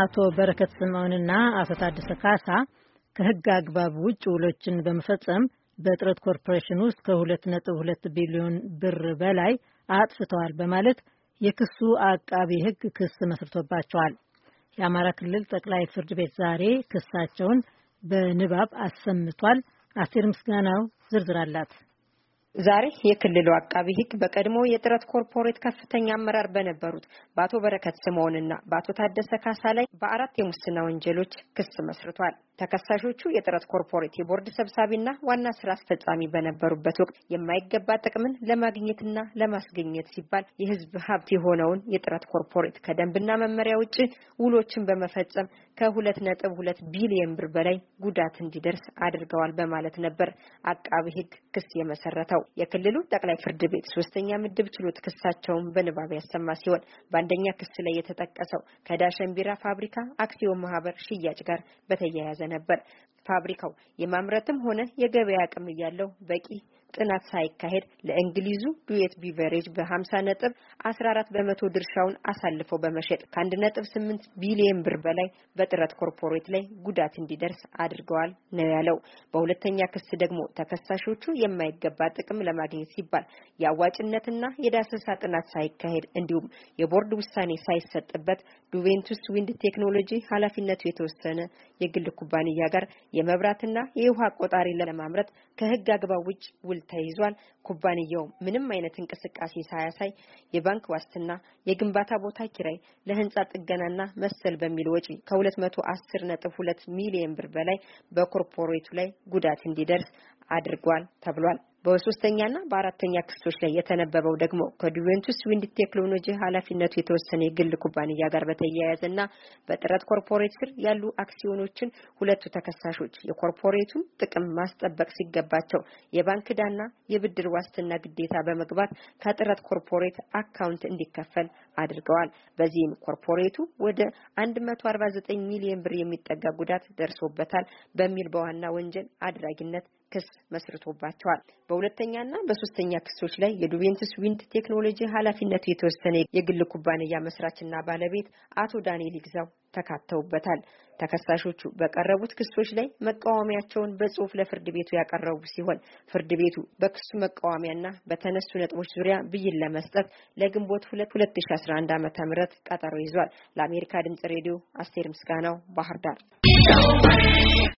አቶ በረከት ስምዖንና አቶ ታደሰ ካሳ ከህግ አግባብ ውጭ ውሎችን በመፈጸም በጥረት ኮርፖሬሽን ውስጥ ከ 22 ቢሊዮን ብር በላይ አጥፍተዋል በማለት የክሱ አቃቢ ህግ ክስ መስርቶባቸዋል። የአማራ ክልል ጠቅላይ ፍርድ ቤት ዛሬ ክሳቸውን በንባብ አሰምቷል። አስቴር ምስጋናው ዝርዝር አላት። ዛሬ የክልሉ አቃቢ ሕግ በቀድሞ የጥረት ኮርፖሬት ከፍተኛ አመራር በነበሩት በአቶ በረከት ስምኦንና በአቶ ታደሰ ካሳ ላይ በአራት የሙስና ወንጀሎች ክስ መስርቷል። ተከሳሾቹ የጥረት ኮርፖሬት የቦርድ ሰብሳቢና ዋና ስራ አስፈጻሚ በነበሩበት ወቅት የማይገባ ጥቅምን ለማግኘትና ለማስገኘት ሲባል የህዝብ ሀብት የሆነውን የጥረት ኮርፖሬት ከደንብና መመሪያ ውጭ ውሎችን በመፈጸም ከሁለት ነጥብ ሁለት ቢሊየን ብር በላይ ጉዳት እንዲደርስ አድርገዋል በማለት ነበር አቃቢ ሕግ ክስ የመሰረተው። ነው። የክልሉ ጠቅላይ ፍርድ ቤት ሶስተኛ ምድብ ችሎት ክሳቸውን በንባብ ያሰማ ሲሆን በአንደኛ ክስ ላይ የተጠቀሰው ከዳሸን ቢራ ፋብሪካ አክሲዮን ማህበር ሽያጭ ጋር በተያያዘ ነበር። ፋብሪካው የማምረትም ሆነ የገበያ አቅም እያለው በቂ ጥናት ሳይካሄድ ለእንግሊዙ ዱዌት ቢቨሬጅ በ50 ነጥብ 14 በመቶ ድርሻውን አሳልፎ በመሸጥ ከ1.8 ቢሊዮን ብር በላይ በጥረት ኮርፖሬት ላይ ጉዳት እንዲደርስ አድርገዋል ነው ያለው። በሁለተኛ ክስ ደግሞ ተከሳሾቹ የማይገባ ጥቅም ለማግኘት ሲባል የአዋጭነትና የዳሰሳ ጥናት ሳይካሄድ እንዲሁም የቦርድ ውሳኔ ሳይሰጥበት ዱቬንቱስ ዊንድ ቴክኖሎጂ ኃላፊነቱ የተወሰነ የግል ኩባንያ ጋር የመብራትና የውሃ ቆጣሪ ለማምረት ከህግ አግባብ ውጭ ውል ተይዟል። ኩባንያው ምንም አይነት እንቅስቃሴ ሳያሳይ የባንክ ዋስትና፣ የግንባታ ቦታ ኪራይ፣ ለህንጻ ጥገናና መሰል በሚል ወጪ ከ210.2 ሚሊዮን ብር በላይ በኮርፖሬቱ ላይ ጉዳት እንዲደርስ አድርጓል ተብሏል። በሶስተኛና በአራተኛ ክፍሎች ላይ የተነበበው ደግሞ ከዱቬንቱስ ዊንድ ቴክኖሎጂ ኃላፊነቱ የተወሰነ የግል ኩባንያ ጋር በተያያዘና በጥረት ኮርፖሬት ስር ያሉ አክሲዮኖችን ሁለቱ ተከሳሾች የኮርፖሬቱን ጥቅም ማስጠበቅ ሲገባቸው የባንክ ዕዳና የብድር ዋስትና ግዴታ በመግባት ከጥረት ኮርፖሬት አካውንት እንዲከፈል አድርገዋል። በዚህም ኮርፖሬቱ ወደ 149 ሚሊዮን ብር የሚጠጋ ጉዳት ደርሶበታል በሚል በዋና ወንጀል አድራጊነት ክስ መስርቶባቸዋል። በሁለተኛና በሶስተኛ ክሶች ላይ የዱቬንትስ ዊንድ ቴክኖሎጂ ኃላፊነቱ የተወሰነ የግል ኩባንያ መስራችና ባለቤት አቶ ዳንኤል ይግዛው ተካተውበታል። ተከሳሾቹ በቀረቡት ክሶች ላይ መቃወሚያቸውን በጽሁፍ ለፍርድ ቤቱ ያቀረቡ ሲሆን ፍርድ ቤቱ በክሱ መቃወሚያና በተነሱ ነጥቦች ዙሪያ ብይን ለመስጠት ለግንቦት 2011 ዓ.ም ቀጠሮ ይዟል። ለአሜሪካ ድምጽ ሬዲዮ አስቴር ምስጋናው ባህር ዳር